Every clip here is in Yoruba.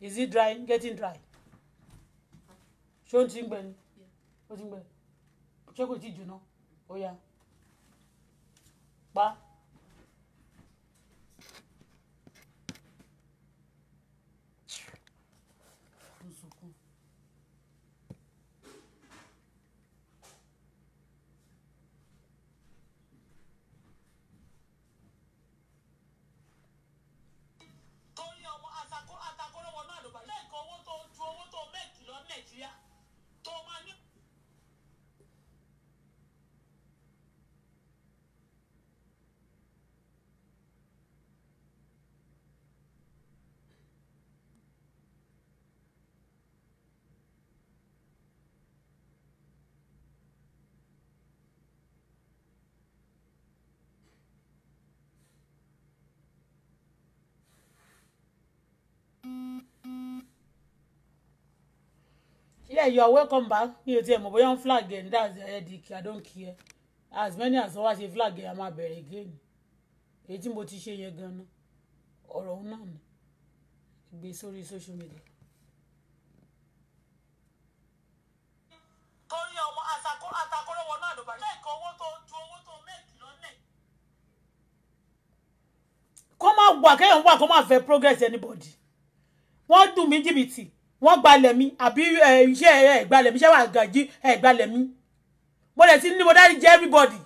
is it dry getting dry ṣé ó ti ń gbẹ ni ó ti ń gbẹ ṣé kò tí ì jóná ó yá pa. you are welcome back mi ò tiẹ̀ mọ̀ bóyá flag ẹ̀ that's the headache i don't care as many as wọ́n wá ṣe flag ẹ̀ a máa bẹ̀rẹ̀ again èyí tí mo ti ṣe yẹn gan-an ọ̀rọ̀ òun náà ni gbé sórí social media. orí ọmọ àtàkọ́rọ́ wọnú àdùbà ṣe ìkọ owó tó kó má wà kéèyàn wà kó má fẹ́ progress anybody wọ́n dùn mí jìbìtì wọ́n gbalẹ̀ mi àbí iṣẹ́ ẹ̀ gbalẹ̀ mi iṣẹ́ wà gàjí ẹ̀ gbalẹ̀ mi mo lè ti ní mo dárí jẹ́ everybody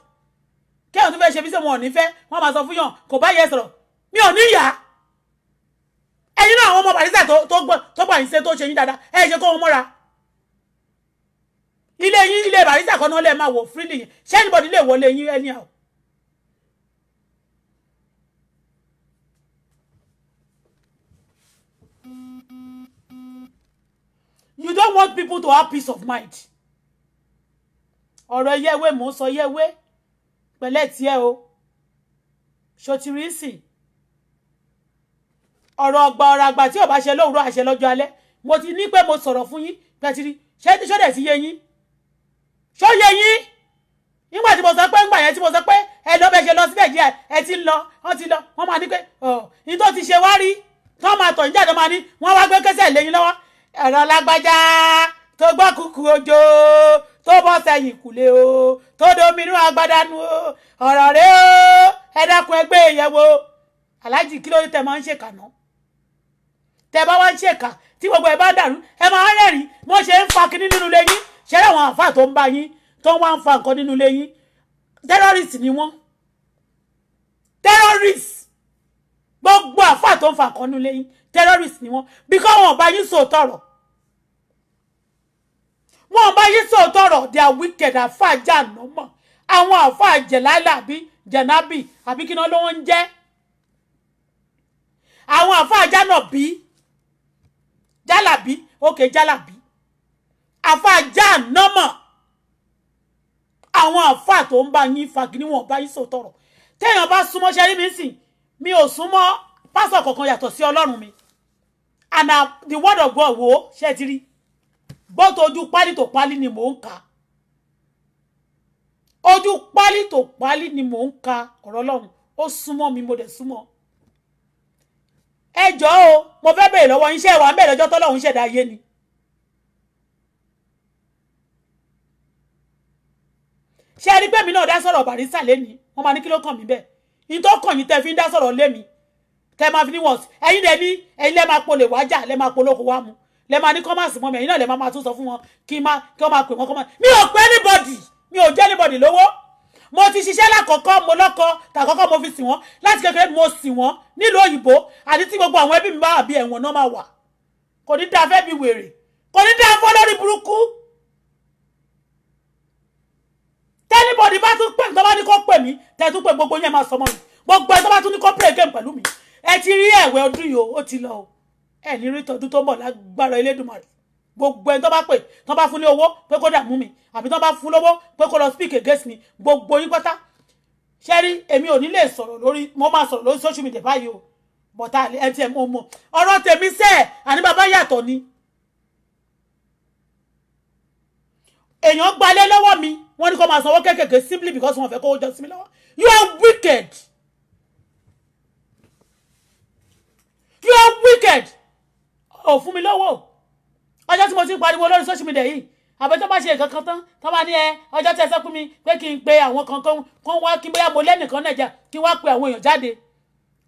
kéèyàn tó fẹ́ ṣe bí sẹ́ wọn ò ní fẹ́ wọ́n máa sọ fún yàn kò bá yẹ sọ̀rọ̀ mi ò ní yà á ẹ̀yin náà àwọn ọmọ barista tó gbà yín ṣe tó ṣe yín dáadáa ẹ ṣe kó wọn mọ́ra ilé yín ilé barista kan náà lè máa wò freely yẹn ṣé anybody lè wọlé yín anyhow you don't want people to have peace of mind ọ̀rọ̀ yẹ́wé mò ń sọ yẹ́wé pẹ̀lẹ́ tiẹ̀ o ṣòtìrì sì ọ̀rọ̀ ọgbà ọ̀rọ̀ àgbà tí ọba ṣe lóòrọ̀ àṣẹ lọ́jọ́ alẹ́ mo ti ní pé mo sọ̀rọ̀ fún yín pẹ̀tìrì ṣọ́dẹ̀ sí yé yín ṣó yé yín nígbà tí mo sọ pé ńgbà yẹn tí mo sọ pé ẹ lọ bẹ ṣe lọ sí nàìjíríà ẹ ti ń lọ wọn ti lọ wọn máa ní pé ọ ní tó ti ṣe wá rí tọ́ máa tọ̀ níjà tó máa ní wọn wá gbé kẹsẹ̀ lẹ́yìn lọ́wọ́ ẹ̀rọ lágbájá tó gbọ́ kúkú ojó tó bọ́ sẹ́yìn kùlé o tó dominú agbádánú o ọ̀rọ̀ rẹ o ẹ dákun ẹgbẹ́ e yẹn wo aláàjì kí ló tẹ máa ń ṣèkà náà tẹ bá wá ń ṣèkà tí gbogbo ẹ bá dàrú ẹ máa rẹ́rìn mo ṣe ń fa kinní nínú ilé ṣẹlẹ̀ àwọn àǹfà tó ń bá yín tó ń wá ń fa nǹkan nínú ilé yín terrorist ni wọ́n terrorist gbogbo àǹfà tó ń fa nǹkan nínú ilé terrorist ni wọ́n because wọn bá yín sòótọ́ ọ̀rọ̀ wọn bá yín sòótọ́ they are wicked àfáà jà nọ́mọ̀ àwọn àfáà jẹ̀láìlà àbí jẹ̀nábì àbí kí náà ló ń jẹ́ àwọn àfáà jánà bí jálàbí òkè jálàbí àfáà jà nọ́mọ̀ àwọn àfáà tó ń bá yín fagini wọn bá yín sòótọ́ ọ̀rọ̀ téèyàn bá súnmọ́ ṣẹ́rí mi sìn mi ò súnmọ́ pásọ̀ kankan yàtọ̀ sí ọlọ́run mi and uh, the word of God wo ṣe ti rí bọ́tò ojú pali tó pálí ni mò ń ka ojú pálí tó ni mò ń ka ọ̀rọ̀ ọlọ́run ó mi mo de sumo. Ejo o mo fẹ́ bèrè lọ́wọ́ yín wa ẹ wà ń bẹ̀rẹ̀ lọ́jọ́ da ṣẹ̀dá ayé ni ṣé ẹ rí mi náà da sọ̀rọ̀ barisa leni wọ́n máa ní kí ló kàn mí bẹ́ẹ̀ ní tó kàn yín fi ń dá sọ̀rọ̀ kẹ́ máa fi ní wọ̀n ẹ̀yin dẹ̀ ní ẹ̀yin lẹ́ máa polè wájà lẹ́ máa polóko wá mu lẹ́ máa ní kọ́másì mọ́mi ẹ̀yin náà lẹ́ máa tún sọ fún wọn kí má kí wọ́n máa pè wọ́n kọ́másì mi ò pé anybody mi ò jẹ́ anybody lówó mo ti ṣiṣẹ́ lákọ̀ọ́kọ́ mo lọ́kọ tàkọ́kọ́ mo fi sìn wọ́n láti kékeré mo sìn wọ́n nílùú òyìnbó àti tí gbogbo àwọn ẹbí mi bá àbí ẹ̀wọ̀n náà máa wà kò ní dáa fẹ́ bí wèrè kò ní dáa fọ́ lórí burúkú tẹ́nibọ̀dì bá tún pè tó bá ní kó pè mí tẹ́ tún pè gbogbo yẹn máa sọmọ mi gbogbo ẹ̀ tó bá tún ní kó play game pẹ̀lú mi ẹ ti rí ẹ̀wẹ̀ ọdún yìí ó ti lọ o ẹ ní rí tọdún tó ń bọ̀ lágbára Elédùmarè gbogbo ẹni tó bá pè tó bá fún ní owó pé kó dààmú mi àbí tó bá fún lówó pé kó lọ speak against mi gbogbo yín pátá ṣé rí èmi ò ní lè sọ̀rọ̀ lórí mo máa sọ̀rọ̀ lórí social media báyìí o bọ̀tà mtm ọmọ ọ̀rọ̀ tèmi sẹ́ẹ̀ àní bàbá yàtọ̀ ni èèyàn gbalé lọ́wọ́ mi wọ́n ní kó máa sanwó kéékèèké simply because wọ́n fẹ́ kó jọ sí mi lọ́wọ́ you are wicked. pure wicked ò fún mi lówó ọjọ́ tí mo ti pariwo lórí social media yìí àbẹ tó bá ṣe nǹkan kan tán tó bá ní ẹ ọjọ́ tí ẹ sọ fún mi pé kí n pe àwọn kan kan kan wá kí n bóyá mo lẹ́nìkan nàìjà kí n wá pe àwọn èèyàn jáde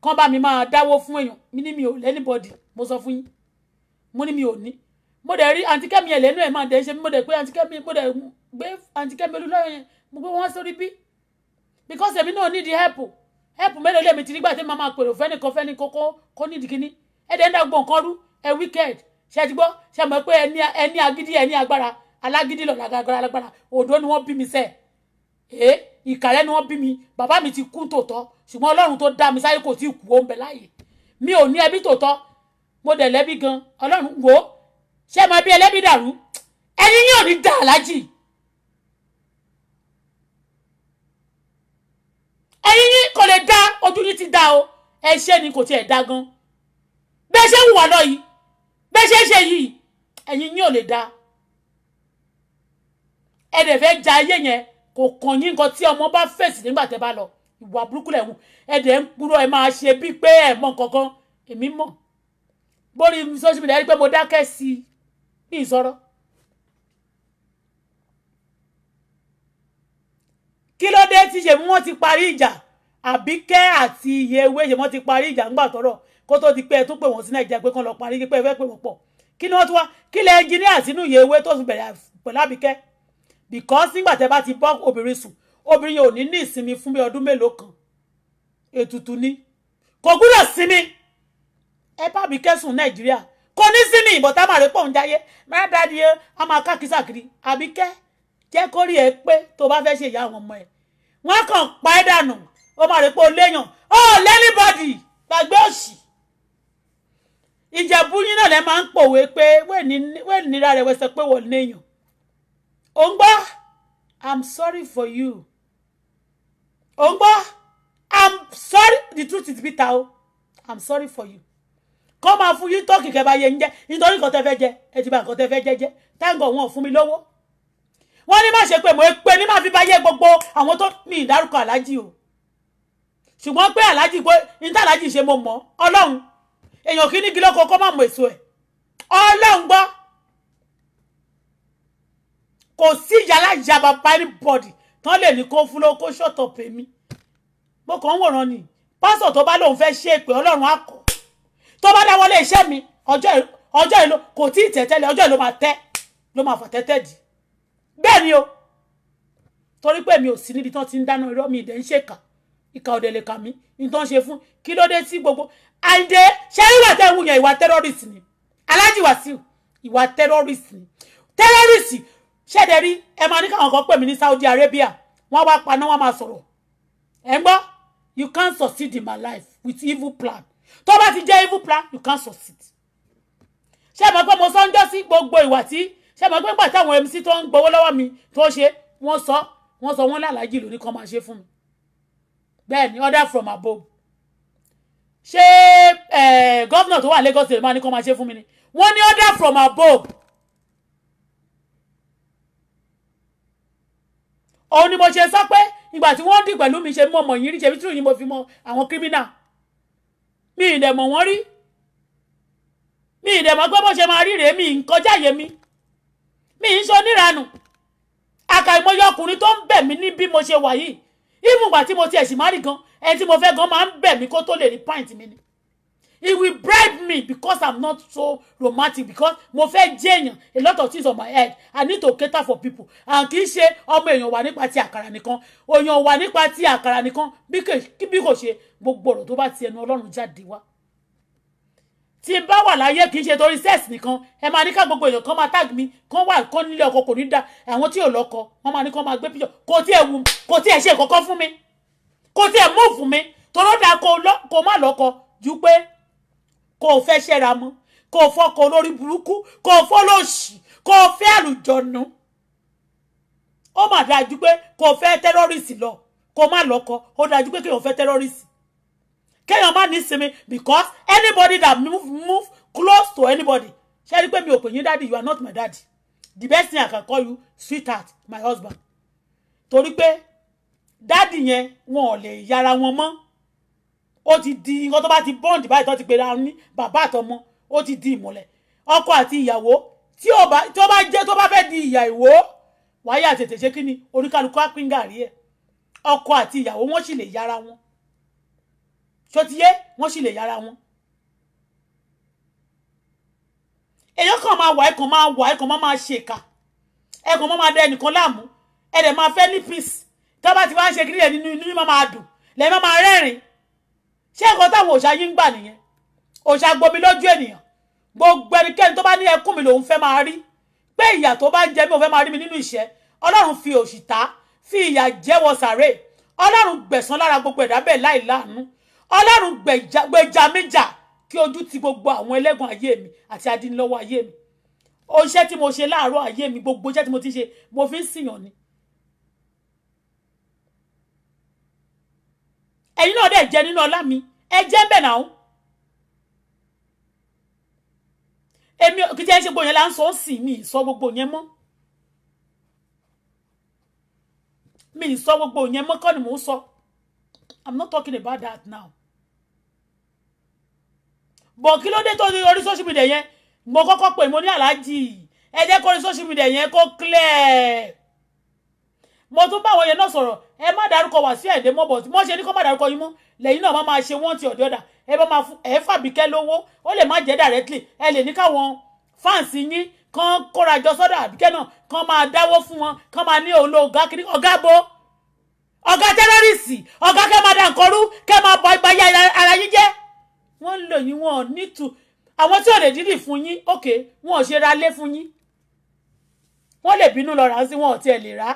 kán bá mi máa dáwó fún èèyàn mi ní mi ò lẹ́nìbọ̀dì mo sọ fún yín mo ní mi ò ní mo dẹ̀ rí àǹtí kẹ́mi ẹ̀ lẹ́nu ẹ̀ máa dẹ̀ ṣe mo dẹ̀ pé àǹtí kẹ́mi mo dẹ̀ gbé àǹtí kẹ́mi olúlọ́yọ̀ yẹn mo gbé wọn sórí bí because èmi náà need help ẹ̀pù mélòó lèmi ti nígbà tí màá máa pèrò fẹ́nìkan fẹ́nìkan kó nídìí kínní ẹ̀dẹ̀ ń dàgbọ̀n kan rú ẹ̀ wíkẹ́ẹ̀d ṣe ti gbọ́ ṣe mọ̀ pé ẹni agídí ẹni agbára alágídí lọ lágbára alágbára òdo ni wọ́n bí mi sẹ́ ẹ̀ ìkàlẹ́ ni wọ́n bí mi bàbá mi ti kú tòótọ́ ṣùgbọ́n ọlọ́run tó dá mi sáyé kò tí ì kú ó ń bẹ láàyè mi ò ní ẹbí tòótọ́ mo dẹ̀ lẹ́bí gan ọlọ́run wò ó ṣe máa bí ẹlẹ́bí dàrú ẹni yóò ní dà lájì ẹ̀yin yín kò lè dá ojú yín ti dá o ẹ ṣe ni kò tiẹ̀ dá gan bẹ́ẹ̀ ṣe ń wà lọ yìí bẹ́ẹ̀ ṣe ṣe yìí ẹ̀yin yín ò lè dá ẹ dẹ̀ fẹ́ ja ayé yẹn kò kàn yín nǹkan tí ọmọ bá fèsì nígbà tẹ́ bá lọ ìwà burúkú lẹ̀ ń ẹ dẹ̀ ń kúrò ẹ máa ṣe bíi pé ẹ mọ̀ kankan èmi mọ̀ bórí social media rí pé mo dákẹ́ sí i ní ìsọ̀rọ̀ kí ló dé tí ṣèmú wọn ti parí ìjà àbíkẹ́ àti iye ewé ṣèmú wọn ti parí ìjà ńgbà tọ́rọ̀ kó tó di pé ẹ tún pè wọ́n sí nàìjíríà pé kán lọ parí pé ẹ fẹ́ pè wọ́n pọ̀ kí ni wọ́n tún wá kí lẹ ẹnjìníà sínú iye ewé tó sùn bẹ̀rẹ̀ pẹ̀lú àbíkẹ́ because nígbà tẹ bá ti bọ́ obìnrin sùn obìnrin yóò ní ní ìsinmi fún bí ọdún mélòó kan ètùtù ni kò gbúdọ̀ sinmi ẹ bá àbíkẹ́ sùn nàìjíríà kò ní sinmi ìbọ̀tá màrẹ́pọ̀ ń jayé mẹ́rẹ́dá di ẹ á máa káàkiri àbíkẹ́ jẹ́ kó rí ẹ pé tó bá fẹ́ ṣe ìyá àwọn ọmọ ẹ wọ́n kàn pa ẹ́ dànù ó máa rí pé ó léèyàn ó lẹ́nìbọ̀dì gbàgbé òsì ìjẹ̀bú yín náà lẹ́ máa ń pòwe pé wẹ́ẹ̀ nira rẹ̀ wẹ́sẹ̀ pé wọ́n léèyàn ò ń gbọ́ i'm sorry for you ò ń gbọ́ i'm sorry the truth is bitter o i'm sorry for you kọ́ máa fún yín tọ́kì kẹ́ bá yẹ ń jẹ́ nítorí nǹkan tẹ́ fẹ́ jẹ ẹ ti bà nǹkan tẹ́ fẹ́ jẹ jẹ táǹgọ̀ wọn ò fún mi lówó wọ́n ní má ṣe pé mo pe ní má fi bá yé gbogbo àwọn tó ní ìdárúkọ aláàjì o ṣùgbọ́n pé aláàjì pé níta aláàjì ṣe mo mọ̀ ọlọ́run èèyàn kì í ní kí lọ́kọ kó má mọ èso ẹ̀ ọlọ́run gbọ́ kò sí ìyálà ìyàbá anybody tán lè ní kó fún lóko ṣọ́tọ̀ pèmí mo kàn ń wòran ni pásítọ̀ tó bá lóun fẹ́ ṣe èpè ọlọ́run á kọ̀ tó bá dáwọ́lé iṣẹ́ mi ọjọ́ ìlú kò tí ì tẹ̀tẹ́lẹ̀ ọjọ́ ìlú máa tẹ́ ló máa fà tẹ́tẹ́ dì í bẹ́ẹ̀ ni o torí pé mi ò sí níbi tán ti ń dáná irọ́ mi ìdẹ́ ń ṣèkà ìka ọ̀dẹ̀ lè kà mí ní tán ṣe fún kí ló dé sí gbogbo àìdè ṣé ìwà tẹ́ wù ìwà terrorist ni Alhaji Wasiu ìwà terrorist ni terrorist ṣẹ̀dẹ̀ rí ẹ máa ní káwọn kan pè mí ní Saudi Arabia wọ́n wá paná wọ́n máa sọ̀rọ̀ ẹ̀ ń gbọ́ you can't succeed in my life with evil plan tó bá ti jẹ́ evil plan you can't succeed ṣé ẹ mọ̀ pé mo sọ ń jọ́ sí gbogbo ìwà tí ṣé àmọ́ pé nígbà táwọn mc tó ń gbowó lọ́wọ́ mi tó ṣe wọ́n sọ wọ́n sọ wọ́n lálàájì lóní kan máa ṣe fún mi bẹ́ẹ̀ ni order from above ṣé gọ́vnà tó wà Lagos lè máa ní kan máa ṣe fún mi ni wọ́n ní order from above òun ni mo ṣe sọ pé ìgbà tí wọ́n dì pẹ̀lú mi ṣe mọ̀ mọ̀ yín rí ṣe bí tí mo fi mọ àwọn kírímínà mi ì dẹ̀ mọ̀ wọ́n rí mi ì dẹ̀ mọ̀ pé bó ṣe máa rí rèé mi ì kọjá yé mi mi ń ṣe oníranù àkàìmọye ọkùnrin tó ń bẹ̀ mí ní bí mo ṣe wà yìí ìmùgbà tí mo ti ẹ̀sìn má rí gan ẹni tí mo fẹ́ gan máa ń bẹ̀ mí kó tó lè rí pint mi ni he will bribe me because i'm not so romantic because mo fẹ́ jẹ́ èèyàn a lot of things on my head i need to cater for people and kì í ṣe ọmọ èèyàn wà nípa ti àkàrà nìkan èèyàn wà nípa ti àkàrà nìkan bí kò ṣe gbogbo ọ̀rọ̀ tó bá ti ẹnu ọlọ́run jáde wá tí n bá wà láyé kì í ṣe torí sex nìkan ẹ máa ní ká gbogbo èèyàn kan máa tag mi kan wà kan nílé ọkọ kò ní da àwọn tí ò lọ́kọ wọn máa ní kan máa gbé píjọ kò tí ẹ wù kò tí ẹ ṣe kankan fún mi kò tí ẹ mú fún mi tòró da kò má lọ́kọ ju pé kò fẹ́ ṣẹ́ra mu kò fọkọ olórí burúkú kò fọlọ́ọ̀ṣì kò fẹ́ àlùjọ̀nù ó mà dájú pé kò fẹ́ tẹ́rọ́rìsì lọ kò má lọ́kọ ó dájú pé kéèyàn fẹ́ tẹ́rọ́rìsì kéèyàn má ní sinmi because anybody that move move close to anybody ṣé rí pé mi ò pè yín daddy you are not my daddy the best thing i can call you sweetheart my husband torí pé dáàdì yẹn wọn ò lè yára wọn mọ́ ó ti di nǹkan tó bá ti bond báyìí tó ti pera ní bàbá àtọmọ ó ti di ìmọ̀lẹ̀ ọkọ àti ìyàwó tí ó bá jẹ́ tó bá fẹ́ di ìyàwó wáyé àtètè ṣe kí ni oníkálukú ápíngà rí ẹ̀ ọkọ àti ìyàwó wọn sì lè yára wọn tó ti yé wọ́n sì lè yára wọn. èèyàn kan máa wà ẹ kan máa wà ẹ kan máa máa ṣe ìka ẹ kan máa máa dá ẹnìkan láàmú ẹ dẹ̀ máa fẹ́ ní peace tó bá ti wá ń ṣe kiri ẹ̀ nínú inú yín máa dùn lẹ́yìn máa máa rẹ́rìn-ín ṣé nǹkan táwọn òòṣà yín ń gbà nìyẹn òòṣà gbomi lójú ènìyàn gbogbo ẹnikẹ́ni tó bá ní ẹkún mi lòun fẹ́ máa rí pé ìyà tó bá ń jẹ mí òun fẹ́ máa rí mi nínú ìṣẹ́ ọlọ́run fi òṣìta fi ìyà jẹ́wọ́ sàré ọlọ́run gbẹ̀san lára gbogbo ẹ̀dá bẹ́ẹ̀ láì ọlọ́run gbèjà mi jà kí ojú ti gbogbo àwọn ẹlẹ́gàn ayé mi àti adínlọ́wọ́ ayé mi oṣẹ́ tí mo ṣe láàárọ̀ ayé mi gbogbo iṣẹ́ tí mo ti ṣe mo fi ń sìyàn ni. ẹ̀yin náà dẹ̀ jẹ́ nínú ọlá mi ẹ jẹ́ ń bẹ̀ náà. èmi kìí jẹ́ ṣe gbogbo yẹn là ń mi sọ gbogbo yẹn mọ́. mi sọ gbogbo yẹn mọ́ kọ́ ni mò ń sọ. So i'm not talking about that now bọ̀ kí ló dé tó orí social media yẹn mo kọ́kọ́ pè mo ní aláàjì ẹ jẹ́ kó orí social media yẹn kó clear mo tún bá àwọn yẹn náà sọ̀rọ̀ ẹ má dárúkọ wá sí ẹ̀dẹ́ mọ́ bọ̀ tí wọ́n ṣe ní kó má dárúkọ yín mọ́ lẹ́yìn náà má máa ṣe wọ́n ti ọ̀dí ọ̀dà ẹ bá máa fún ẹ fàbíkẹ́ lówó ó lè má jẹ́ directly ẹ lè ní káwọn fáǹsì yín kan kórajọ sọ́dọ̀ àbíkẹ́ náà kan máa dáwó fún wọn kan máa ní òun lo ọ̀gá kiri ọ̀gá bo ọ̀gá tẹ́rọ́rìsì ọ̀gá kẹ́ máa da nǹkan rú kẹ́ máa bọ ìgbà yá ara yín jẹ́ wọ́n ń lò yín wọn ò ní tu àwọn tí ò lè dídì fún yín òkè wọn ò ṣe ra lé fún yín wọ́n lè bínú lọ rà sí wọn ò tiẹ̀ lè rà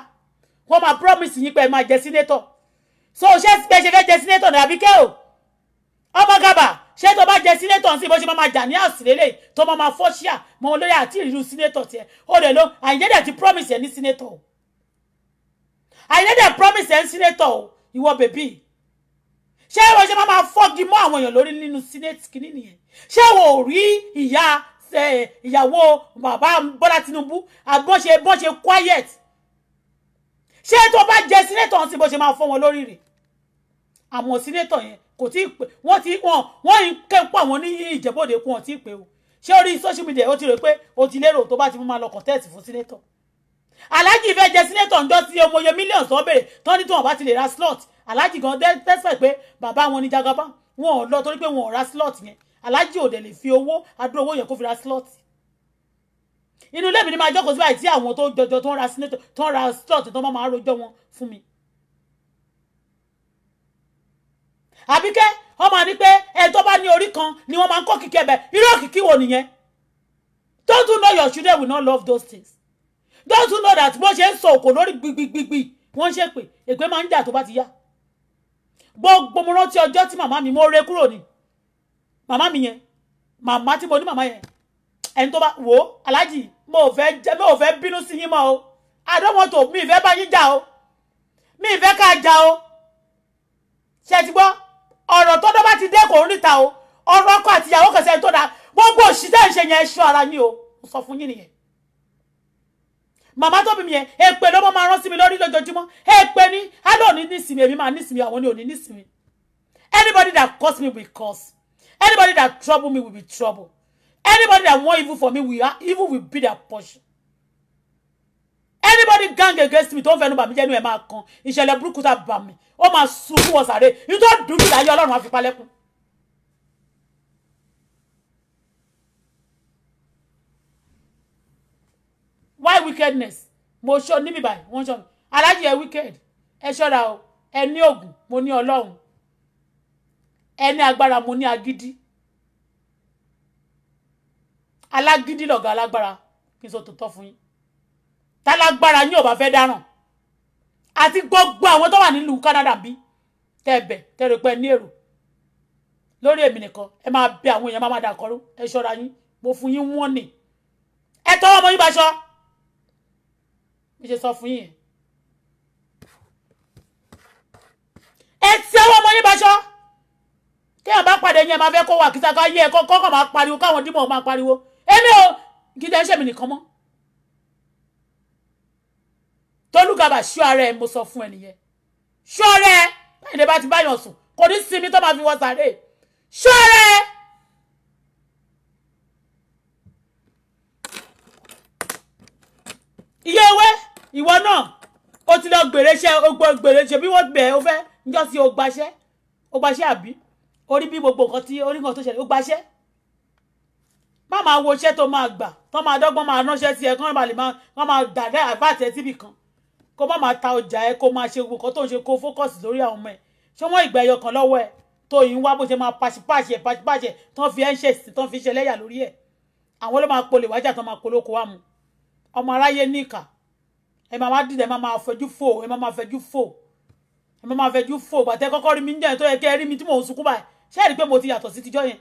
wọ́n máa promise yín pé ẹ máa jẹ sínétọ̀ so ṣé pé ṣe fẹ́ jẹ sínétọ̀ ní àbíkẹ́ o ọmọ gàbà ṣé tó bá jẹ sínétọ̀ sí bó ṣe máa jà ní àsìlélẹ̀ tó máa fọ́ṣíà mọ́ olóyè àti ìlú sínétọ̀ tiẹ̀ ó lè lo àyíjẹ́dẹ̀ ti promise ẹ̀ ní sínétọ̀ o àyìnlẹ́ dẹ̀ promise ẹ̀ ń sínétọ̀ o ìwọ bèbí ṣé ìwọ ṣe máa máa fọ́gi mọ́ àwọn èèyàn lórí nínú senate kìíní nìyẹn ṣé ìwọ ò rí ìyá ìyàwó bàbá Bọ́lá Tinubu àbọ̀ṣe bọ́ṣe quiet ṣé tó bá jẹ sínétọ̀ ọ̀hún sí bó ṣe máa fọ́ wọn lórí rẹ̀ àwọn sínétọ̀ yẹn kò tí ì pé wọ́n ti wọ́n wọ́n ń kẹ́pọ̀ àwọn ní ìjẹ́bọ̀dẹ̀ kún ọ̀ tí ì pé o ṣé orí social media ó ti rò pé o ti lérò tó bá ti mú máa lọ contest fún sínétọ̀ aláàjì ìfẹ́ jẹ sínétọ̀ ń jọ́ sí ọmọ oyè mílíọ̀nù tó bèrè tán ní tí wọ́n bá ti lè ra slot aláàjì gan tẹ́sẹ̀ pé bàbá wọn ní jagaba wọn ò lọ torí pé wọn ò ra slot yẹn aláàjì ò dẹ̀ lè fi owó adúrò owó yẹn kó fi ra slot inú ilé mi ni máa jókòó sí báyìí tí àwọn tó jọjọ tó ń ra sínétọ̀ tó ń ra slot tó máa rojọ́ wọn fún mi. àbíkẹ́ ọmọ ní pé ẹ tó bá ní orí kan ni wọ́n máa ń kọ́ kíkẹ́ bẹ́ẹ̀ irú òkìkí wo nìyẹn don't you know your children will not love those things don't you know that bó ṣe ń sọ òkò lórí gbigbigbigbi wọ́n ṣe pé èpè máa ń jà tó bá ti yá gbogbo mo rántí ọjọ́ tí màmá mi mo re kúrò ni màmá mi yẹn màmá tí mo ní màmá yẹn ẹni tó bá wò ó aláàjì mo ò fẹ́ jẹ́ mo ò fẹ́ bínú sí yín mọ́ o àdánwò tó mi ìfẹ́ bá yín jà o mi ìfẹ́ ká jà o ṣe ti gbọ́ ọ̀rọ̀ tó dọ́ bá ti dé kò ń ríta o ọ̀rọ̀ ọkọ àtìyàwó kẹsẹ̀ tó dáa gbogbo òṣìṣẹ́ ìṣe yẹn ṣọ́ ara yín o sọ fún yín nìyẹn màmá tó bí mi yẹn èpè ló máa rán sí mi lórí lójoojúmọ́ èpè ní adó ní nísìmí èmi máa nísìmí àwọn ní òní nísìmí anybody that curse me will curse anybody that trouble me will be trouble anybody that want evil for me will evil will be their portion anybody gang against me tó ń fẹnu bàmí jẹ́nu ẹ̀ máa kan ìṣẹ̀lẹ̀ burúkú tá bàmí ó máa sun owó ọ̀sàrè nítorí dùn mí láyé ọlọ́run àfipálẹ́kùn why wickedness mo ṣọ níbi báyìí wọ́n ṣọ mi aláàjì ẹ wicked ẹ ṣọ́ra o ẹ ní mo ní ọlọ́run ẹ agbára mo ní agídí alágídí lọ̀gá alágbára kí n sọ tòótọ́ fún yín tálágbára yín ò bá fẹ́ dáràn àti gbogbo àwọn tó wà nílùú Canada bí tẹ̀bẹ̀ tẹ̀rẹ̀ pé ní èrò lórí èmi nìkan ẹ máa bẹ àwọn èèyàn máa máa dà kọ́rọ́ ẹ ṣọ́ra yín mo fún yín wọ́n nì ẹ tọwọ́ ọmọ yín bá ṣọ́ bí ṣe sọ fún yín ẹ ti ọwọ́ ọmọ yín báṣọ kéèyàn bá pàdé yín ẹ máa fẹ́ kó wà kí saka yé ẹ kọ́kọ́ kọ́ máa pariwo káwọn dímọ̀ máa pariwo èmi ò gidi ẹ ṣèmi nìkan mọ́ tolúgàbà ṣú ara ẹ mo sọ fún ẹ nìyẹn ṣú ara ẹ láyìn lè bá ti báyọ̀ sùn kò ní sinmi tó máa fi wọ́n sáré ṣú ara ẹ. ìwọ náà o ti lọ gbèrè iṣẹ́ o gbọ́ gbèrè iṣẹ́ bí wọ́n bẹ̀ ẹ́ o fẹ́ níjọ́ sí o gbaṣẹ́ o gbaṣẹ́ àbí orí bí gbogbo nǹkan tí orí nǹkan tó ṣẹlẹ̀ o gbaṣẹ́ má máa wo iṣẹ́ tó máa gbà tó máa dọ́gbọ́n máa ránṣẹ́ sí ẹ kán balẹ̀ máa kán máa dàdẹ́ àbáàtẹ síbì kan kó má máa ta ọjà ẹ kó máa ṣe gbogbo nǹkan tó ń ṣe kó fókọ̀sì lórí àwọn ọmọ ẹ ṣé wọ́n ìgbà ẹyọ kan lọ́wọ́ ẹ tó yìí ń wá bó ṣe máa pàṣípàṣẹ pàṣípàṣẹ tán fi ẹ́ ń ṣèṣì tán fi ṣẹlẹ́yà lórí ẹ̀ àwọn ló máa polè wájà tán máa polóko mu ọmọ aráyé níkà ẹ máa wá dìde ẹ máa máa fẹjú fò ẹ máa máa fẹjú fò ẹ máa máa fẹjú fò bàtẹ kọ́kọ́ rí mi níjẹ tó yẹ kẹ́ rí mi tí mò ń sunkún báyìí ṣé ẹ rí i pé mo ti yàtọ̀ sí tijọ́ yẹn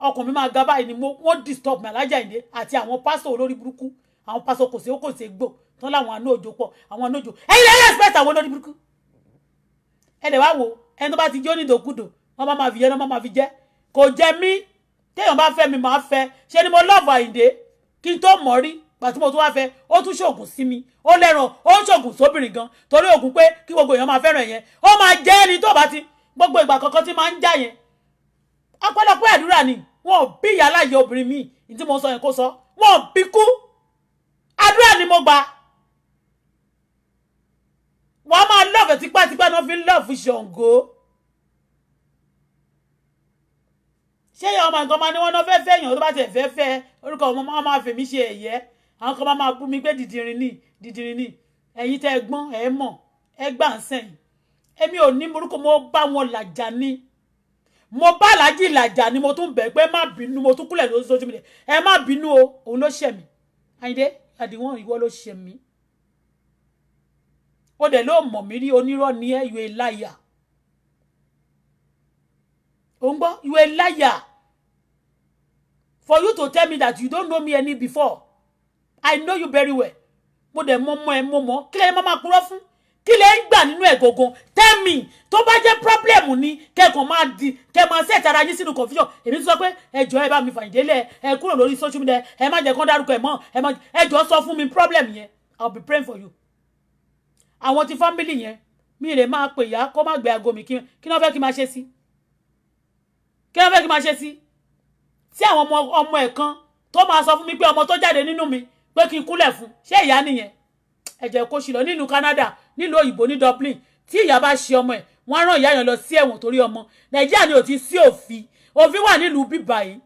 ọkàn mi máa ga báyìí ni wọ́n disturb mi alájà ìdè àti àwọn pásítọ̀ olórí burúkú àwọn pásítọ̀ kò sí ó kò sí gbò tán láwọn àánú òjò pọ̀ àwọn àánú òjò ẹ̀yin lẹ́yìn ẹ̀sìpẹ̀tì àwọn olórí burúkú ẹ lè wá wo ẹni tó bá ti jó ní ìdòkúdò wọn máa fi yẹ wọn máa fi jẹ kò jẹ mí téèyàn bá fẹ́ mi máa fẹ́ ṣe ni mo lọ́ọ̀bù àyìndé kí n tó mọ̀ rí pàtí mo tún wá fẹ́ ó tún ṣoògùn sí mi ó lẹ́ràn ó ń ṣoògùn sóbìnrin gan torí ògùn pé kí gbogbo èèyàn máa fẹ́ràn yẹn ó máa jẹ́ ẹni tó bá ti gbogbo ìgbà kankan tí máa ń já yẹn ọ̀pọ̀lọpọ̀ àdúrà ni wọn ò bí ìyá láàyè obìnrin míì ní tí mo sọ yẹn kó sọ wọn ò bí kú àdúrà ni mo gbà wọn máa lọ́ọ̀fẹ̀ tipátipá náà fi ń lọ́ọ̀fù ṣàǹgó. ṣé ìyá ọmọ nǹkan máa ní wọn náà fẹ́ fẹ́ èèyàn tó bá ti fẹ́ fẹ́ orúkọ ọmọ máa fi ṣe ẹ̀yẹ àwọn kan bá máa bú mi pé dìdìrín ni dìdìrín ni ẹ̀yin tẹ́ ẹ gbọ́n ẹ mọ̀ ẹ gbà ń sẹ́yìn èmi ò ní morúkọ mo bá wọn làjà ni mo bá làjì làjà ni mo tún bẹ̀ pé má bínú mo tún kúlẹ̀ lóṣooṣù mi lẹ̀ ẹ má bínú o òun ló ṣẹ̀ mí Àyìndé àdìwọ̀n ìwọ ló ṣẹ̀ mí ó dẹ̀ ló mọ̀ mí rí onírọ́ ni ẹ ìwé láyà ò ń gbọ́ ìwé láyà for you to tell me that you don't know me any before I know you very well mo dẹ̀ momo ọmọ momo, mo mọ kí lẹ́yìn máa kúrọ́ fún kí lẹ́yìn gbà nínú ẹ̀ tell me to bá jẹ́ problem ni kẹ́kàn máa di kẹ́ máa ṣe ìtara yín sínú confusion èmi sọ pé ẹjọ́ ẹ bá mi fàyìndé lẹ̀ ẹ kúrò lórí social media ẹ má jẹ́ kán dárúkọ ẹ̀ mọ́ ẹ má ẹjọ́ sọ fún mi problem yẹn I'll be praying for you. àwọn ti family yẹn mi lè máa pè ìyá kó má gbé aago mi kí ni wọ́n fẹ́ kí n máa ṣe sí kí ni wọ́n fẹ́ kí n máa ṣe sí tí àwọn ọmọ ẹ̀ kan tó máa sọ fún mi pé ọmọ tó jáde nínú mi pé kí n kúnlẹ̀ fún ṣé ìyá nìyẹn ẹ̀jẹ̀ kò ṣìlọ nílùú Canada nílùú òyìnbó ní Dublin tí ìyá bá ṣe ọmọ ẹ̀ wọ́n rán ìyá yẹn lọ sí ẹ̀wọ̀n torí ọmọ Nàìjíríà ni ò ti sí òfin òfin wà nílùú bíbà yìí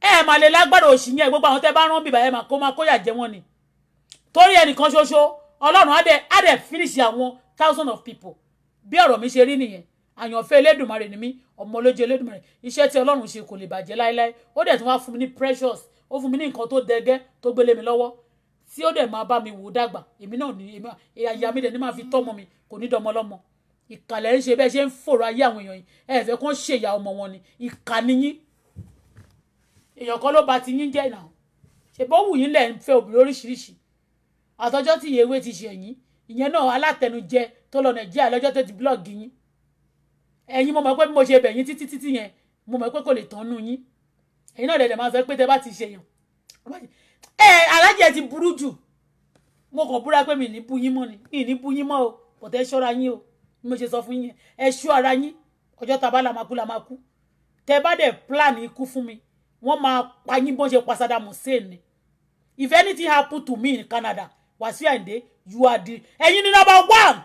ẹ ẹ̀ máa lè lágbára òṣì yẹn gbogbo àwọn tẹ́ bá rán bíbà yẹn máa kó máa kóyà jẹ wọ́n ni torí ẹnìkan ṣoṣo Ọlọ́run á dẹ̀ á dẹ̀ finish àwọn thousand of people bí ọ̀rọ̀ mi ṣe rí nìyẹn àyànfẹ́ Elédùmarè ni mí ọmọ olójú Elédùmarè iṣẹ́ tí Ọlọ́run ṣe kò lè bàjẹ́ láéláé ó dẹ̀ tún wá fún mi ní precious ó fún mi ní nǹkan tó dẹgẹ́ tó gbélé mi lọ́wọ́ tí ó dẹ̀ máa bá mi wò dàgbà èmi náà ní èmi àyà mi dẹ̀ ní máa fi tọ́mọ mi kò ní dọmọ lọ́mọ ìkàlẹ̀ ń ṣe bẹ́ẹ̀ ṣe ń fòrò ayé àwọn èèyàn yìí ẹ fẹ́ kán ṣe ìyá ọmọ wọn ni ìkà niyín èèyàn kan ló ba ti yín jẹ́ ìnà ṣe bó wù yín lẹ̀ ń fẹ́ obìnrin oríṣiríṣi àtọjọ́ tí ìyẹ̀wé ti ṣe yín ìyẹn náà alátẹnujẹ tó lọ nàìjíríà lọ́jọ́ tó ti blọ́ọ̀gì yín ẹ̀yin mo mọ̀ pé mo ṣe bẹ̀ títí títí yẹn mo mọ̀ pé kò lè tán nú yín ẹ̀yin náà dẹ̀dẹ̀ máa sọ pé tẹ bá ti ṣe yàn ẹ alájẹ ti burú jù mo kàn búra pé mi ní bú yín mọ́ ni mi ní bú yín mọ́ o bọ̀tẹ́ ṣọ́ra yín o mo ṣe sọ fún yín ẹ ṣú ara yín ọjọ́ tá la máa kú la máa kú tẹ bá dẹ̀ plan ikú fún mi wọ́n máa pa yín bó ṣe pa Saddam Hussein ni if anything happen to me in Canada Wàsíù Àyìndé you are the ẹ̀yin ni number one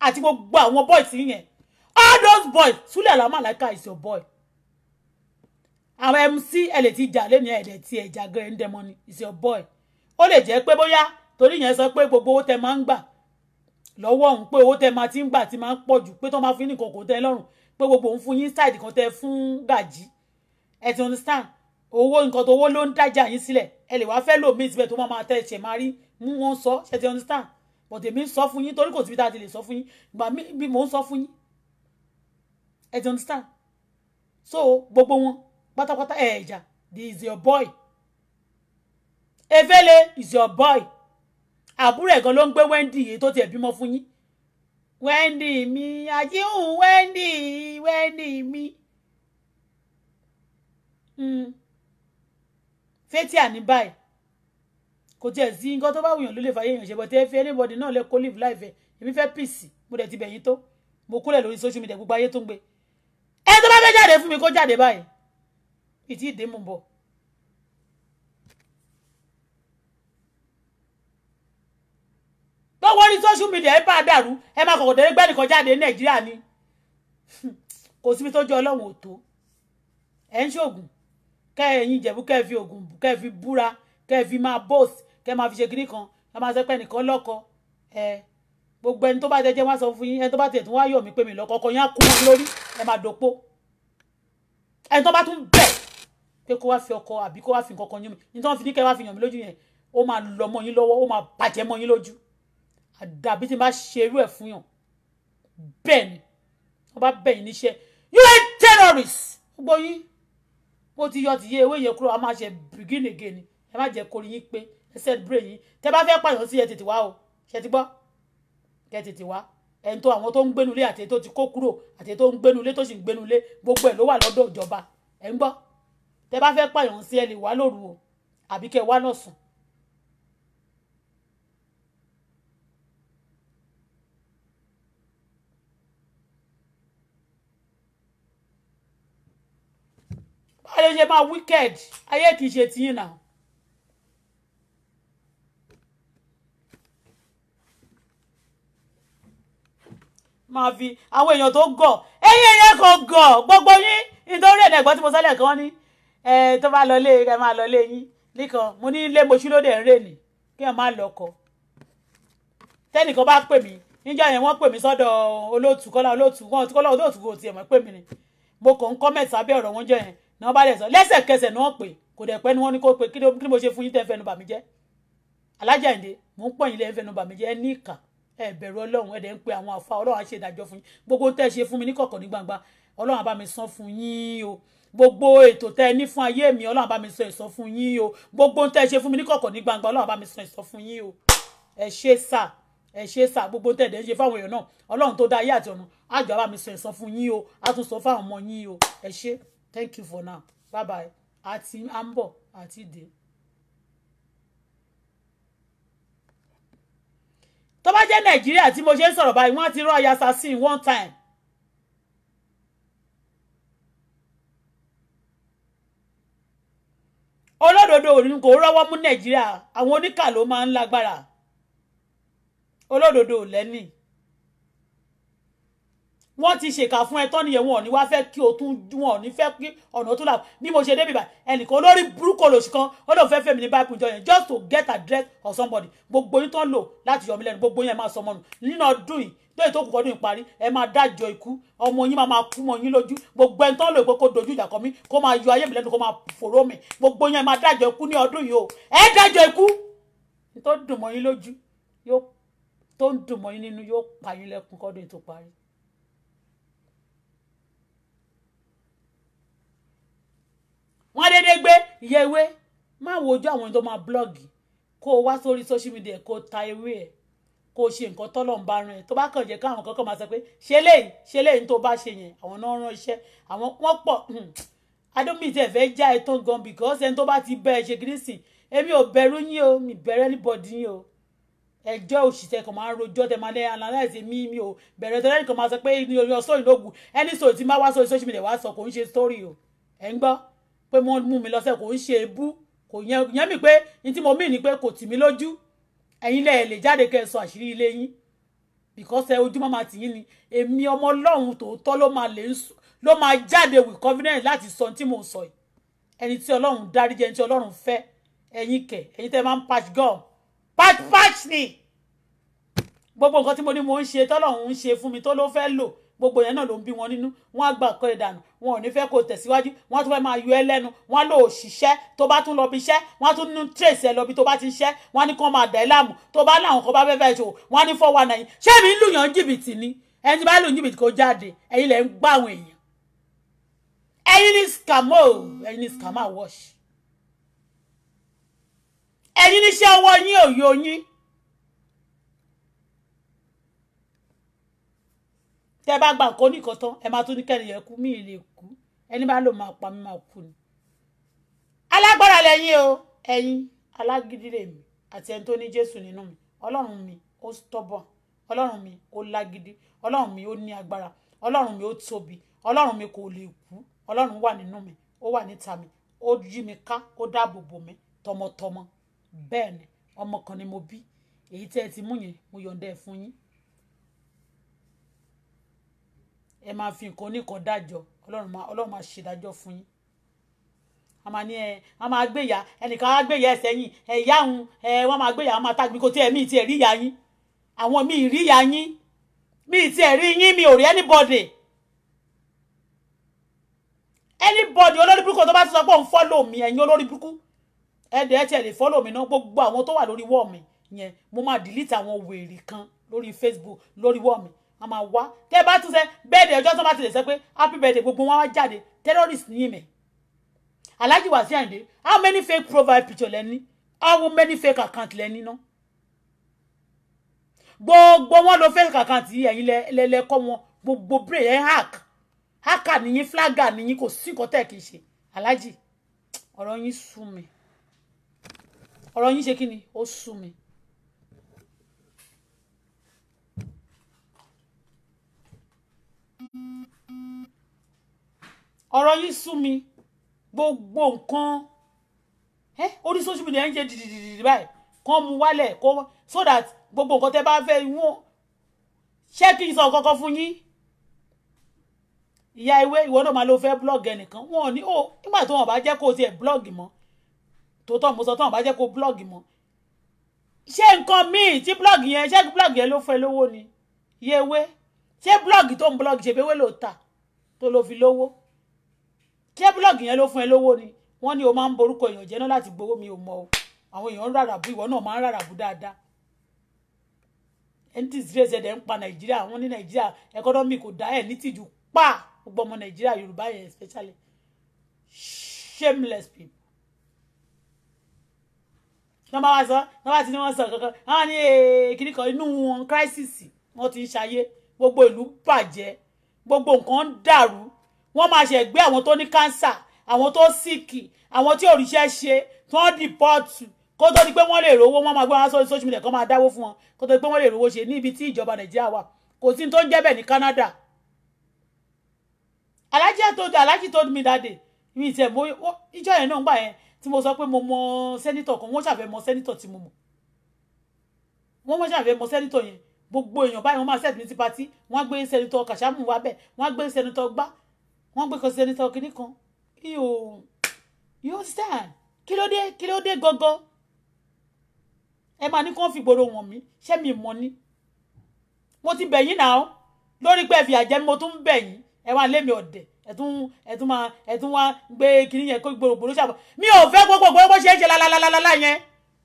àti gbogbo àwọn boys yẹn all those boys Sule Alao Malaika is your boy àwọn mc ẹ lè ti jà lẹ́nu ẹ̀dẹ̀ tí ẹ̀ jà gẹ́rẹ́ ń dẹmọ ni is your boy ó lè jẹ́ pé bóyá torí yẹn sọ pé gbogbo owó tẹ máa ń gbà lọ́wọ́ òun pé owó tẹ máa ti ń gbà ti máa ń pọ̀ jù pé tó máa fi nìkan kò tẹ́ lọ́rùn pé gbogbo òun fún yín side kan tẹ fún gàjí ẹ ti understand owó nǹkan tó owó ló ń dájà yín sílẹ̀ ẹ lè wá fẹ́ lò mí síbẹ̀ tó máa tẹ ẹ̀ṣẹ̀ máa rí mú wọn sọ ẹ ti understand but èmi ń sọ fún yín torí kò síbi tá a ti lè sọ fún yín gbà mí bí ń sọ fún yín ẹ ti understand so gbogbo wọn pátápátá ẹ̀ ìjà this is your boy efele is your boy àbúrò ẹ̀ gan ló ń gbé wendy èyí tó tiẹ̀ bímọ fún yín wendy mi àjíhùn wendy wendy mi mm. fetí àní báyìí kò tiẹ̀ sí nǹkan tó bá wùyàn ló lè fàyè èèyàn ṣe bọ̀ fi anybody náà lè kó live life ẹ̀ èmi fẹ́ peace mo dẹ̀ ti bẹ̀yìn tó mo kúlẹ̀ lórí social media gbogbo ayé tó ń gbé ẹ tó bá fẹ́ jáde fún mi kó jáde báyìí mi ti dé mú bọ̀. lọ́wọ́ ní social media ẹ bá dàrú ẹ máa kọ̀kọ̀ dẹ́rẹ́ gbẹ́ nìkan jáde ní nàìjíríà ni kò síbi tó jọ ọlọ́run ò tó ẹ̀ ń ṣoògùn kẹ́ ẹ̀yin ìjẹ̀bú kẹ́ ẹ fi oògùn kẹ́ ẹ fi búra kẹ́ ẹ fi máa boast kẹ́ máa fi ṣe kinní kan ẹ máa sọ pé lọ́kọ ẹ gbogbo ẹni tó bá jẹjẹ wá sọ fún yín ẹni tó bá tiẹ̀ tún wá mí pé mi lọ́kọ ọkọ yín á kú wọn lórí ẹ máa dòpó ẹni tó bá tún bẹ pé kó wá fi ọkọ àbí kó wá fi nǹkan kan yín mi nítorí wọn fi ní kẹ́ wá fi yàn mí lójú yẹn ó máa lọ mọ́ yín lọ́wọ́ ó máa bàjẹ́ mọ́ yín lójú àdàbí tí n bá ṣe irú ẹ̀ fún yàn bẹ́ẹ̀ ni wọ́n bá bẹ̀ yín níṣẹ́ you are terrorist gbogbo yín bó ti yọ ti yé ewé yẹn kúrò a máa ṣe begin again ẹ má jẹ́ kórìí yín pé ẹ set brain yín tẹ bá fẹ́ pààyàn sí ẹ tètè wá o ṣe ti gbọ́ kẹ tètè wá ẹni tó àwọn tó ń gbénulé àti ètò ti kó kúrò àti ètò ń gbénulé tó sì ń gbénulé gbogbo ẹ̀ ló wà lọ́dọ̀ ìjọba ẹ̀ ń gbọ́ tẹ bá fẹ́ pààyàn sí ẹ lè wá lóru o àbí kẹ wá lọ́sàn. báyọ̀ ṣe máa wicked ayé kìí ṣe tiyín náà. máa fi àwọn èèyàn tó gọ̀ ẹ̀yìn ẹ̀yẹ kò gọ̀ gbogbo yín nítorí ẹ̀dẹ̀gbọ́n tí mo sálẹ̀ kan ní ẹ tó bá lọ lé ẹ máa lọ lé yín nìkan mo ní ilé mo ṣúlódé ń rè ní kí wọn má lọkọ tẹnìkan bá pè mí níjọ́ yẹn wọ́n pè mí sọ́dọ̀ olóòtú kọ́lá olóòtú wọn kọ́lá olóòtú kò tiẹ̀ mọ̀ pè mí ni mo kàn ń kọ́mẹ̀tì sábẹ́ ọ̀rọ̀ wọn jẹ́ yẹn ni wọ́n bá dẹ̀ sọ lẹ́sẹ̀kẹsẹ̀ ni wọ́n pè kò dẹ̀ pẹ́ ni wọ́n ní kó pe kí ni mo ṣe fún yín tẹ́ fẹ́ nu bàmí jẹ́ alájà ìdè mò ń pọ̀ yín lẹ́yìn fẹ́ nu bàmí jẹ́ ní ìkà ẹ bẹ̀rù ọlọ́run ẹ̀ dẹ̀ ń pe àwọn àfa ọlọ́run á ṣe ìdájọ́ fún yín gbogbo tẹ́ ṣe fún mi ní kọ̀kọ̀ ní gbangba ọlọ́run mi san fún yín o gbogbo ètò tẹ́ ẹ ní fún ayé mi ọlọ́run bá mi sọ èso fún yín o gbogbo tẹ́ ṣe fún mi ní kọ̀kọ̀ ní gbangba ọlọ́run bá mi sọ èso fún yín o ẹ ṣe sà ẹ ṣe sà gbogbo tẹ́ ẹ ṣe fáwọn èèyàn náà ọlọ́run tó dá ayé àti ọ̀run àjọ bá mi sọ èso fún yín o á tún sọ fáwọn ọmọ yín o ẹ ṣe thank you for now bye bye àti à ń bọ̀ àti dé. tó bá jẹ́ nàìjíríà tí mo ṣe ń sọ̀rọ̀ báyìí wọ́n ti rán ayasa sí one time olódodo òní kò rọ́wọ́ mú nàìjíríà àwọn oníkà ló máa ń lágbára olódodo ò lẹ́nì wọ́n ti ṣèkà fún ẹ tọ́nìyẹn wọn ò ní wá fẹ́ kí o tún wọn ò ní fẹ́ kí ọ̀nà tó là bí mo ṣe débi bá ẹnìkan olórí burúkú olóṣù kan ó lóun fẹ́ fẹ́ mi ní báyìí kùnjọ yẹn just to get address of somebody gbogbo yín tó ń lò láti yọ mí lẹ́nu gbogbo yín ẹ̀ máa sọ ọmọ nù nínú ọdún yìí lóyè tó kù kọ́ ní ìparí ẹ máa dájọ́ ikú ọmọ yín máa máa kú mọ́ yín lójú gbogbo ẹni tó ń lò pé kó dojú ìjà kọ mí kó máa yọ ayé mi lẹ́nu kó máa fòró mi gbogbo yín ẹ máa dájọ́ ikú ní ọdún yìí o ẹ dájọ́ ikú tó dùn mọ́ yín lójú tó ń dùn mọ́ yín nínú yóò pa yín lẹ́kùn kọ́dún tó parí. wọ́n déédéé gbé ìyẹ́ ewé máa wojú àwọn tó máa blọ́ọ̀gì kó o wá sórí social media kó o ta ewé ẹ̀ kó o ṣe nǹkan tọ́lọ̀ ń bá rán ẹ tó bá kàn jẹ́ káwọn kankan máa sọ pé ṣe léyìí ṣe léyìí tó bá ṣe yẹn àwọn náà rán iṣẹ́ àwọn wọ́n pọ̀ hmm. adómìtì ẹ̀fẹ́ já ẹ tán gan because ẹni tó bá ti bẹ ẹ ṣe kiri sìn èmi ò bẹ̀rù yín o mi bẹ̀rù anybody yín o ẹjọ́ òṣìṣẹ́ kan máa ń rojọ́ tẹ̀ máa lẹ́ analyze mi mi ò bẹ̀rẹ̀ tẹ́lẹ̀ nìkan máa sọ pé ní orí ọ̀sán ìlógun ẹni sọ̀rọ̀ tí máa wá sórí social media wá sọ kò ń ṣe story o ẹ̀ ń gbọ́ pé wọ́n mú mi lọ́sẹ̀ kò ń ṣe ebú kò yẹn mi pé ní tí mo mí ni pé kò tì mí lójú ẹ̀yin lẹ̀ lè jáde kẹ́ ẹ sọ àṣírí ilé yín because ẹ ojúmọ́ máa tì yín ni èmi ọmọ ọlọ́run tòótọ́ ló máa lè ló máa jáde with confidence láti sọ tí mò ń sọ yìí ẹni tí ọlọ́run dárí jẹ́ ẹni tí ọlọ́run fẹ́ ẹ̀yin kẹ̀ ẹ̀yin tẹ́ máa ń patch gum patch patch ni gbogbo nǹkan tí mo ní mo ń ṣe tọ́lọ́run ń ṣe fún mi tó ló fẹ́ lò gbogbo yẹn náà ló ń bí wọn nínú wọn á gbà kọ́ ẹ dànù wọn ò ní fẹ́ kó tẹ̀síwájú wọn á tún fẹ́ máa yọ ẹ lẹ́nu wọn á lò ó ṣiṣẹ́ tó bá tún lọ bí iṣẹ́ wọn á tún ní tírèsì ẹ lọ bí tó bá ti ṣiṣẹ́ wọn á ní kó máa dà ẹ láàmú tó bá láwọn kan bá fẹ́ fẹ́ ṣòwò wọn ní fọ́ wa nàyìn ṣé mi ń lùyàn jìbìtì ni ẹni bá lù jìbìtì kó jáde ẹ̀yin lẹ ń gbá àwọn èèyàn ẹ̀yin ní scamo oh, ẹ̀yin ní scamo wash ẹ̀yin níṣẹ́ ọwọ́ yín òyò yín tẹ́ bá gba nǹkan oníkan tán ẹ máa tún ní kẹ́niyàn kú mí lè kú ẹni bá lò máa pa mí máa kú ni. alágbára lẹ́yìn o ẹ̀yin alágídí lèmi àti ẹni tó ní jésù nínú mi ọlọ́run mi ó stubborn ọlọ́run mi ó lágídí ọlọ́run mi ó ní agbára ọlọ́run mi ó tóbi ọlọ́run mi kò lè kú ọlọ́run wà nínú mi ó wà níta mi ó yí mi ká ó dáàbò bò mí tọmọtọmọ bẹ́ẹ̀ ni ọmọ ni mo bí èyí tẹ́ ẹ ti mú yẹn mo yọ̀ǹda ẹ̀ fún yín ẹ máa fi nǹkan oníkan dájọ́ ọlọ́run máa ọlọ́run máa ṣèdájọ́ fún yín a máa ní ẹ a máa gbéyà ẹnìkan á gbéyà ẹsẹ̀ yín ẹ̀yà ń ẹ wọ́n máa gbéyà wọ́n máa tàgbí kò tí ẹ̀mí tí ẹ̀ rí ìyá yín àwọn mi rí ìyá yín mi tí ẹ̀ rí yín mi ò rí anybody anybody olórí burúkú tó bá ti sọ pé òun fọ́lọ̀ mi ẹ̀yin olórí burúkú ẹ̀dẹ̀ ẹ̀ tiẹ̀ lè fọ́lọ̀ mi náà gbogbo àwọn tó wà lórí wọ́ọ̀ mi yẹn mo máa delete àwọn wèrè kan lórí Facebook lórí wọ́ọ̀ mi a máa wá tẹ́ bá tún sẹ bẹ́ẹ̀dẹ̀ ọjọ́ tó bá ti lè sọ happy birthday gbogbo wọn wá jáde terrorist ní ìmẹ̀ Alhaji Wasiu Ayinde how many fake profile picture lẹ́ni how many fake account lẹ́ni náà gbogbo wọn lo fake account yìí ẹ̀yin lẹ́lẹ́kọ́ wọn gbogbo brain ẹ̀ hack hacker nìyí flagger ni kò sí nǹkan tẹ̀ kì í ṣe Alhaji ọ̀rọ̀ yín sú mi ọ̀rọ̀ yín ṣe kí ni ó sú mi ọ̀rọ̀ yìí sú mi gbogbo nǹkan ẹ orí social media ń ṣe dìdìdìdì báyìí kàn mú wálẹ̀ kó so that gbogbo nǹkan tẹ́ bá fẹ́ wọ́n ṣé kí n sọ kankan fún yín ìyá ewé ìwọ náà máa ló fẹ́ blog ẹnìkan wọn ò ní o nígbà tó wọn bá jẹ́ kó o tiẹ̀ blog mọ́ tòótọ́ mo sọ tó wọn bá jẹ́ kó o blog mọ́ ṣé nǹkan míì tí blog yẹn ṣé blog yẹn ló fẹ́ lówó ni ìyá ewé ṣé búlọ́ọ̀gì tó ń búlọ́ọ̀gì ṣe pé wé ló ta tó ló fi lówó ṣé búlọ́ọ̀gì yẹn ló fún ẹ lówó ni wọ́n ní o máa ń borúkọ èèyàn jẹ́ náà láti gbowó mi ò mọ o àwọn èèyàn ń rárá bú ìwọ náà máa ń rárá bú dáadáa ẹni tí ìdílé ṣẹ̀dẹ̀ ń pa nàìjíríà wọ́n ní nàìjíríà ẹkọ́nọ́mì kò dá ẹ̀ ní tìjú pa gbogbo ọmọ nàìjíríà yorùbá yẹn especially shameless people tọ́ba wa sọ tọ́ba ti ní wọ́n sọ kankan wọ́n ní kíníkan inú wọn crisis wọ́n ti ń ṣayé gbogbo ìlú bàjẹ́ gbogbo nǹkan ń dàrú wọ́n máa ṣe gbé àwọn tó ní kánsà àwọn tó síkì àwọn tí òrìṣẹ́ ṣe tí wọ́n dìpọ́ọ̀tù kó tó di pé wọ́n lè rówó wọ́n máa gbé wọn sórí social media kan máa dáwó fún wọn kó tó di pé wọ́n lè rówó ṣe ní ibi tí ìjọba nàìjíríà wà kò sí tó ń jẹ́ bẹ̀ ní Canada alájí àtòdò alájí tó mi dáde mi ìtẹ̀ mo ìjọ yẹn náà ń gbà yẹn tí mo sọ pé mo mọ sẹ́nítọ̀ kan wọ́n ṣàfẹ́ mọ sẹ́nítọ̀ tí mo mọ̀ wọ́n mọ̀ ṣàfẹ́ mọ sẹ́nítọ̀ yẹn gbogbo èèyàn báyìí wọ́n máa set ní ti party wọ́n gbé sẹ́nitọ́ kàṣámù wá bẹ̀ wọ́n gbé sẹ́nitọ́ gbá wọ́n gbé sẹ́nitọ́ kínní kan yóò yóò stand kí ló dé kí ló dé gangan ẹ máa ní kí wọ́n fi gbòòrò wọ̀n mí ṣé mi mọ̀ ni mo ti bẹ̀ yín náà lórí pé ẹ̀fìyà jẹ mi mo tún ń bẹ̀ yín ẹ wá lé mi ọ̀dẹ̀ ẹ tún ẹ tún máa ẹ tún wá gbé kinní yẹn kó gbòòrò gbòòrò ṣàbọ̀ mi ò fẹ́ gbogbo gbogbo ṣe é ṣe lálálálálá yẹn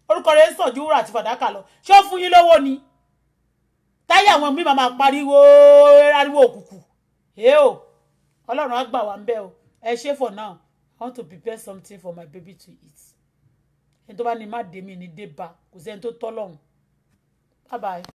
orúkọ rẹ̀ ń sàn ju wúrà àti fàdákà lọ ṣé ó fún yín lówó ni táyà àwọn míì máa pariwo ariwo òkùnkùn ẹ o ọlọ́run á gbà wá ń bẹ́ o ẹ ṣe for now i want to prepare something for my baby to eat ẹni tó bá ní má dé mi ní dé bá kò sẹ́ni tó tọ́ lọ́hùn bye bye.